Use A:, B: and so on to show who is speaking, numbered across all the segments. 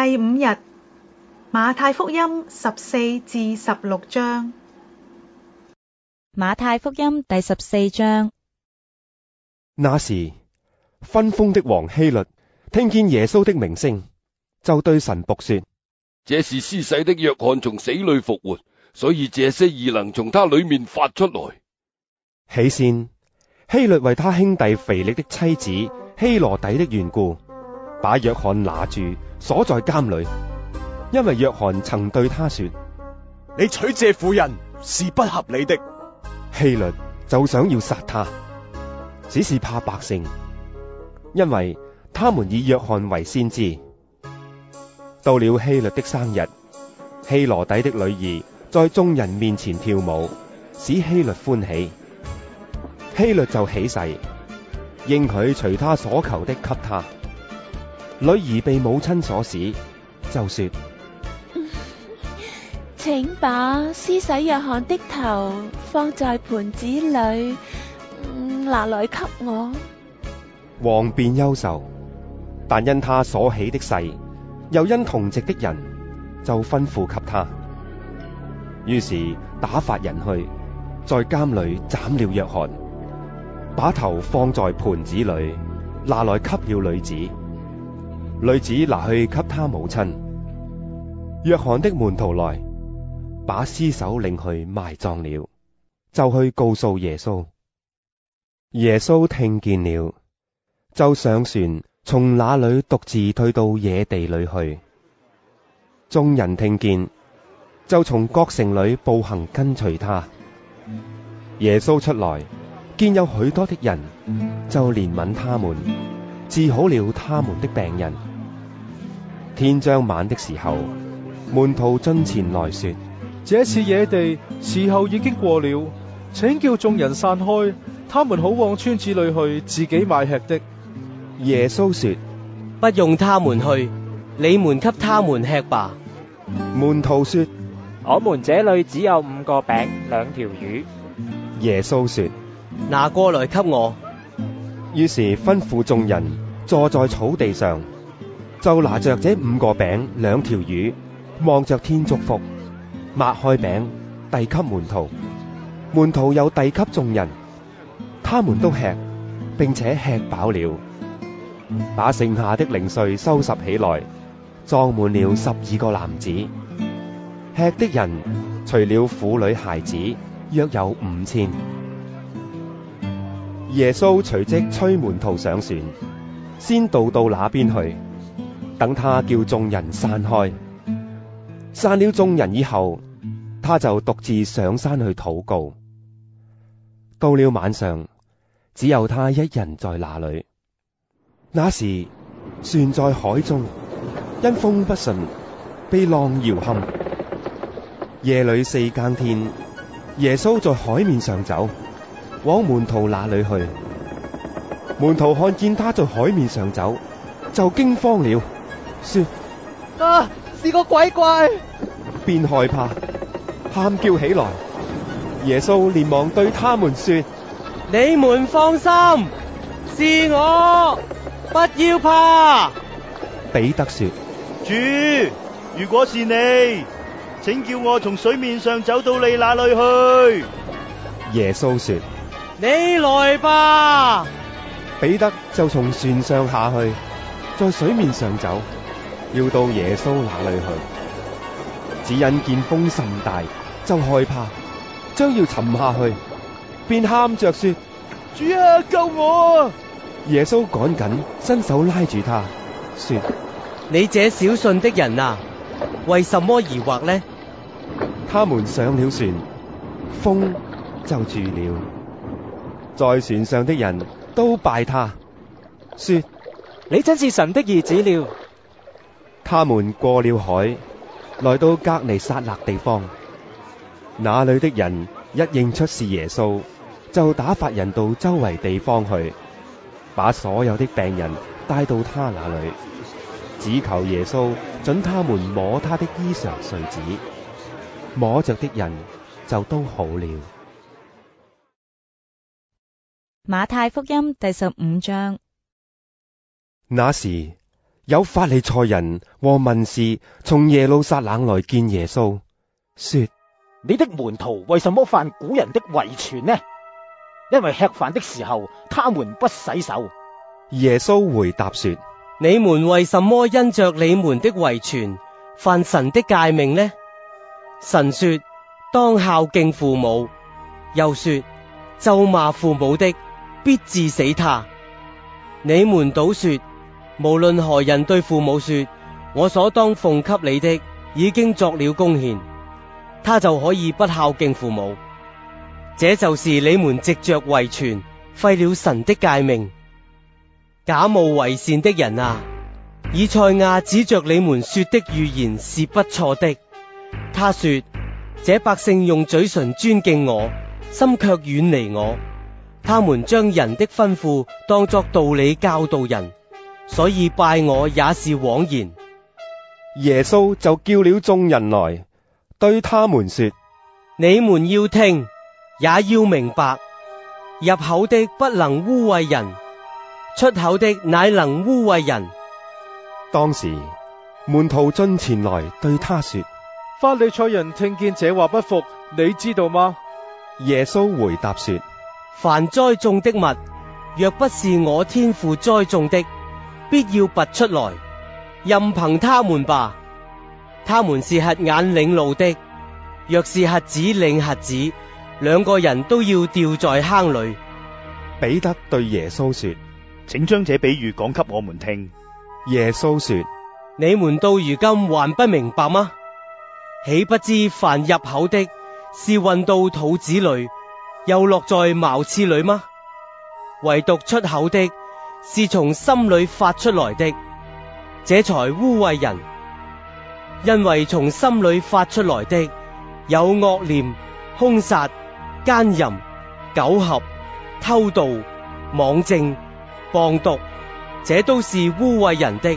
A: 第五日，馬太福音十四至十六章。馬太福音第十四章。那時，分封的王希律聽見耶穌的名聲，就對神僕說：這是施洗的約翰從死裏復活，所以這些異能從他裏面發出來。起先，希律為他兄弟腓力的妻子希羅底的緣故。把約翰拿住鎖在監裏，因為約翰曾對他說：你娶這婦人是不合理的。希律就想要殺他，只是怕百姓，因為他們以約翰為先知。到了希律的生日，希羅底的女兒在眾人面前跳舞，使希律歡喜。希律就起誓，應許隨他所求的給他。女兒被母親所使，就說：嗯、請把施洗約翰的頭放在盤子裏，嗯，拿來給我。王便憂愁，但因他所起的誓，又因同席的人，就吩咐給他。於是打發人去，在監裏斬了約翰，把頭放在盤子裏，拿來給了女子。女子拿去給他母親。約翰的門徒來，把屍首領去埋葬了，就去告訴耶穌。耶穌聽見了，就上船，從那裏獨自退到野地裏去。眾人聽見，就從各城裏步行跟隨他。耶穌出來，見有許多的人，就憐憫他們，治好了他們的病人。天將晚的時候，門徒進前來說：
B: 這次野地，時候已經過了，請叫眾人散開，他們好往村子裏去，自己買吃的。耶穌說：不用他們去，你們給他們吃吧。門徒說：我們這裏只有五個餅，兩條魚。
A: 耶穌說：
B: 拿過來給我。
A: 於是吩咐眾人坐在草地上。就拿着這五個餅兩條魚，望着天祝福，擘開餅遞給門徒，門徒又遞給眾人，他們都吃，並且吃飽了，把剩下的零碎收拾起來，裝滿了十二個籃子。吃的人除了婦女孩子，約有五千。耶穌隨即催門徒上船，先渡到那邊去。等他叫眾人散開，散了眾人以後，他就獨自上山去禱告。到了晚上，只有他一人在那裏。那時船在海中，因風不順，被浪搖撼。夜裏四更天，耶穌在海面上走，往門徒那裏去。門徒看見他在海面上走，就驚慌了。說
B: 啊，是個鬼怪，
A: 便害怕，喊叫起來。耶穌連忙對他們說：你們
B: 放心，是我，不要怕。
A: 彼得說：
B: 主，如果是你，請叫我從水面上走到你那裡去。
A: 耶穌說：
B: 你來
A: 吧。彼得就從船上下去，在水面上走。要到耶穌那裏去，只因見風甚大，就害怕，將要沉下去，便喊着說：
B: 主啊，救我！耶穌趕緊伸手拉住他，說：你這小信的人啊，為什麼疑惑呢？
A: 他們上了船，
B: 風
A: 就住了。
B: 在
A: 船上的人都拜他，說：你真是神的兒子了。他們過了海，來到革尼撒勒地方，那裏的人一認出是耶穌，就打發人到周圍地方去，把所有的病人帶到他那裏，只求耶穌准他們摸他的衣裳繸子，摸着的人就都好了。馬太福音第十五章。那時。有法利賽人和文士從耶路撒冷來見耶穌，說：
B: 你的門徒為什麼犯古人的遺傳呢？因為吃飯的時候，他們不洗手。耶穌回答說：你們為什麼因着你們的遺傳犯神的誡命呢？神說：當孝敬父母。又說：咒罵父母的，必致死他。你們倒說。無論何人對父母說，我所當奉給你的已經作了貢獻，他就可以不孝敬父母。這就是你們藉着遺傳廢了神的誡命，假冒為善的人啊！以賽亞指着你們說的預言是不錯的。他說：這百姓用嘴唇尊敬我，心卻遠離我。他們將人的吩咐當作道理教導人。所以拜我也是枉然。耶穌就叫了眾人來，對他們說：你們要聽，也要明白。入口的不能污穢人，出口的乃能污穢人。當時門徒進前來對他說：法利賽人聽見這話不服，你知道嗎？
A: 耶穌回答說：
B: 凡栽種的物，若不是我天父栽種的，必要拔出來，任憑他們吧。他們是瞎眼領路的，若是瞎子領瞎子，兩個人都要掉在坑裏。彼得對耶穌說：請將這比喻講給我們聽。耶穌說：你們到如今還不明白嗎？豈不知凡入口的，是運到肚子裏，又落在茅廁裏嗎？唯獨出口的。是從心裏發出來的，這才污穢人。因為從心裏發出來的有惡念、凶殺、奸淫、苟合、偷盜、妄證、謗讀，這都是污穢人的。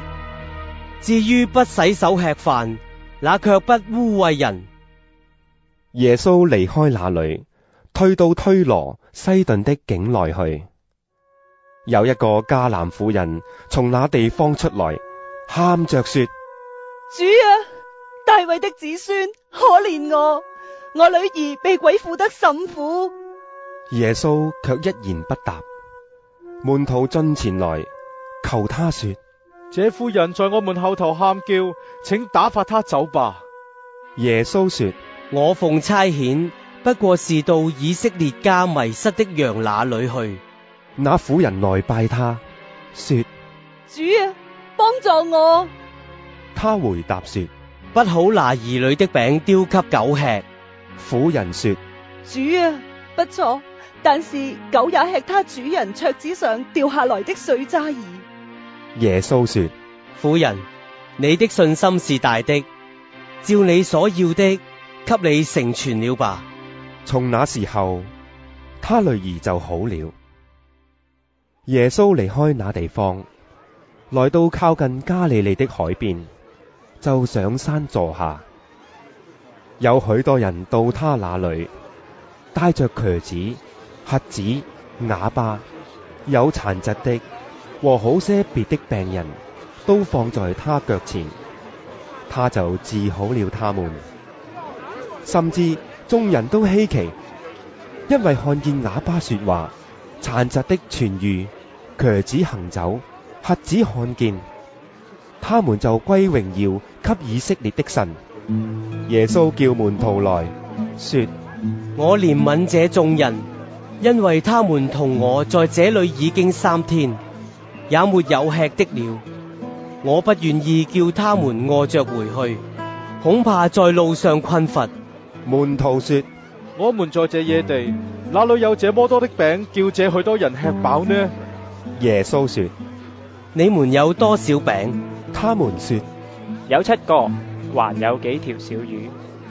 B: 至於不洗手吃飯，那卻不污穢人。
A: 耶穌離開那裏，退到推羅西頓的境內去。有一個迦南婦人從那地方出來，喊着說：
B: 主啊，大衛的子孫，可憐我，我女兒被鬼附得甚苦。
A: 耶穌卻一言不答。門徒進前來求他說：
B: 這婦人在我們後頭喊叫，請打發她走吧。耶穌說：我奉差遣，不過是到以色列家迷失的羊那裏去。那婦人來拜他，說：
A: 主啊，幫助我。
B: 他回答說：不好拿兒女的餅丟給狗吃。婦人說：
A: 主啊，不錯，但是狗也吃他主人桌子上掉下來的碎渣兒。
B: 耶穌說：婦人，你的信心是大的，照你所要的，給你成全了吧。從那時候，他女兒就好了。
A: 耶穌離開那地方，來到靠近加利利的海邊，就上山坐下。有許多人到他那裏，帶着瘸子、瞎子、啞巴、有殘疾的和好些別的病人，都放在他腳前，他就治好了他們。甚至眾人都稀奇，因為看見啞巴說話。殘疾的痊癒，瘸子行走，瞎子看見，他們就歸榮耀給以色列的神。耶穌叫門徒來
B: 說：我憐憫這眾人，因為他們同我在這裏已經三天，也沒有吃的了。我不願意叫他們餓着回去，恐怕在路上困乏。門徒說：我們在這野地。哪裏有這麼多的餅，叫這許多人
A: 吃飽呢？耶穌說：你們有多少餅？他們說：有七個，還有幾條小魚。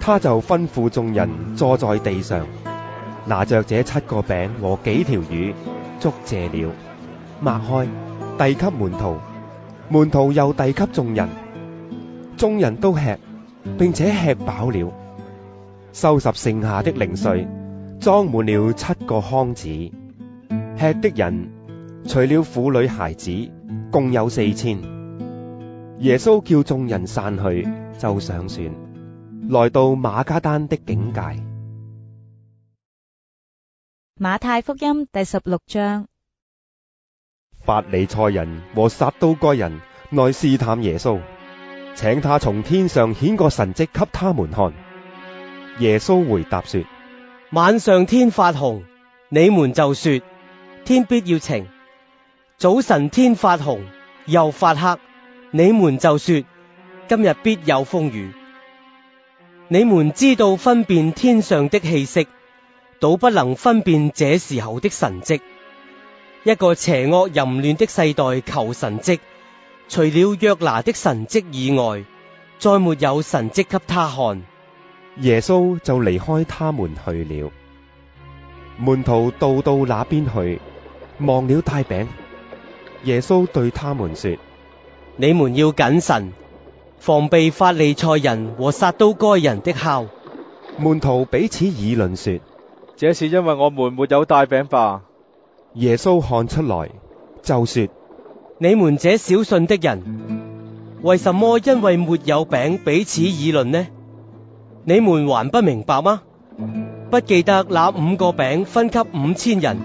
A: 他就吩咐眾人坐在地上，拿着這七個餅和幾條魚，祝謝了，擘開，遞給門徒，門徒又遞給眾人，眾人都吃，並且吃飽了，收拾剩下的零碎，裝滿了七個筐子，吃的人除了婦女孩子，共有四千。耶穌叫眾人散去，就上船，來到馬加丹的境界。馬太福音第十六章。法利賽人和撒都該人來試探耶穌，請他從天上顯個神蹟給他們看。耶
B: 穌回答說。晚上天發紅，你們就說天必要晴；早晨天發紅，又發黑，你們就說今日必有風雨。你們知道分辨天上的氣息，倒不能分辨這時候的神蹟。一個邪惡淫亂的世代求神蹟，除了約拿的神蹟以外，再沒有神蹟給他看。
A: 耶穌就離開他們去了，門徒到到那邊去，
B: 忘了帶餅。耶穌對他們說：你們要謹慎，防備法利賽人和撒都該人的酵。門徒彼此議論說：這是因為我們沒有帶餅吧？耶穌看出來，就說：你們這小信的人，為什麼因為沒有餅彼此議論呢？你們還不明白嗎？不記得那五個餅分給五千人，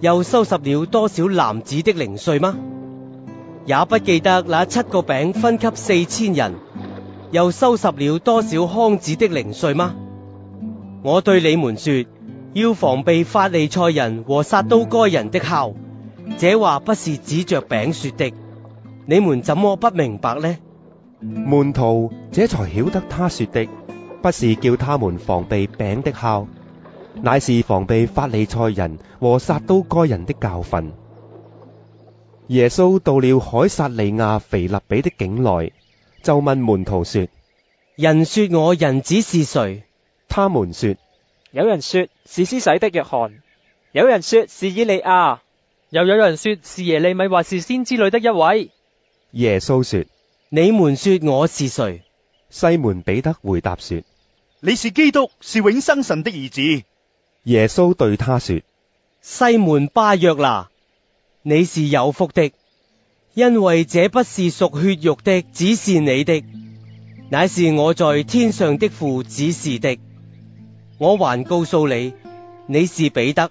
B: 又收拾了多少籃子的零碎嗎？也不記得那七個餅分給四千人，又收拾了多少筐子的零碎嗎？我對你們說，要防備法利賽人和撒都該人的酵。這話不是指着餅說的。你們怎麼不明白呢？
A: 門徒這才曉得他說的。不是叫他們防備餅的酵，乃是防備法利賽人和撒都該人的教訓。耶穌到了凱撒利亞腓立比的境內，就問門徒說：人說我人子是誰？他們說：
B: 有人說是施洗的約翰，有人說是以利亞，又有人說是耶利米或是先知裏的一位。
A: 耶穌說：你們說我是誰？西門彼得回答說。你是基督，是永生神的兒子。耶穌對他說：
B: 西門巴約拿，你是有福的，因為這不是屬血肉的，只是你的，乃是我在天上的父指示的。我還告訴你，你是彼得，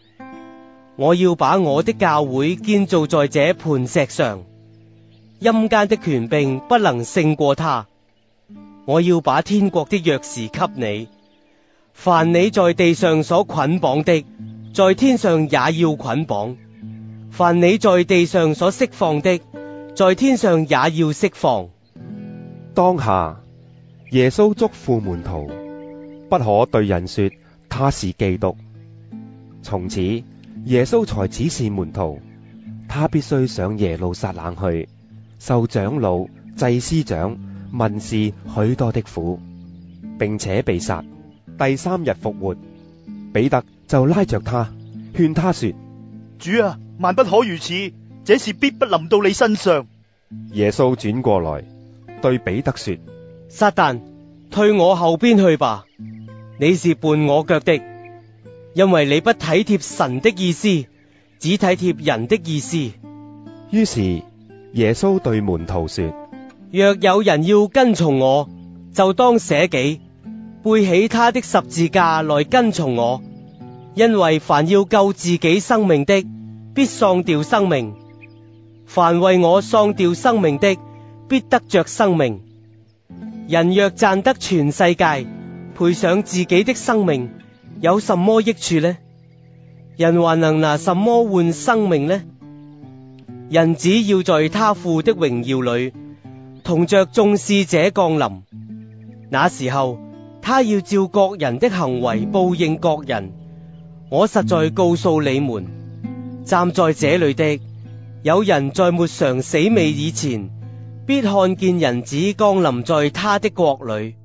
B: 我要把我的教會建造在這磐石上，陰間的權柄不能勝過他。我要把天國的鑰匙給你，凡你在地上所捆綁的，在天上也要捆綁；凡你在地上所釋放的，在天上也要釋放。當下，
A: 耶穌囑咐門徒，不可對人說他是基督。從此，耶穌才指示門徒，他必須上耶路撒冷去，受長老、祭司長。問事許多的苦，並且被殺，第三日復活。彼得就拉着他，勸他說：主啊，
B: 萬不可如此，這事必不臨到你身上。
A: 耶穌轉過來對彼
B: 得說：撒旦，退我後邊去吧，你是絆我腳的，因為你不體貼神的意思，只體貼人的意思。於是
A: 耶穌對門徒說。
B: 若有人要跟從我，就當捨己，背起他的十字架來跟從我。因為凡要救自己生命的，必喪掉生命；凡為我喪掉生命的，必得着生命。人若賺得全世界，賠上自己的生命，有什麼益處呢？人還能拿什麼換生命呢？人只要在他父的榮耀裏。同着眾使者降臨，那時候他要照各人的行為報應各人。我實在告訴你們，站在這裏的有人在沒嘗死未以前，必看見人子降臨在他的國裏。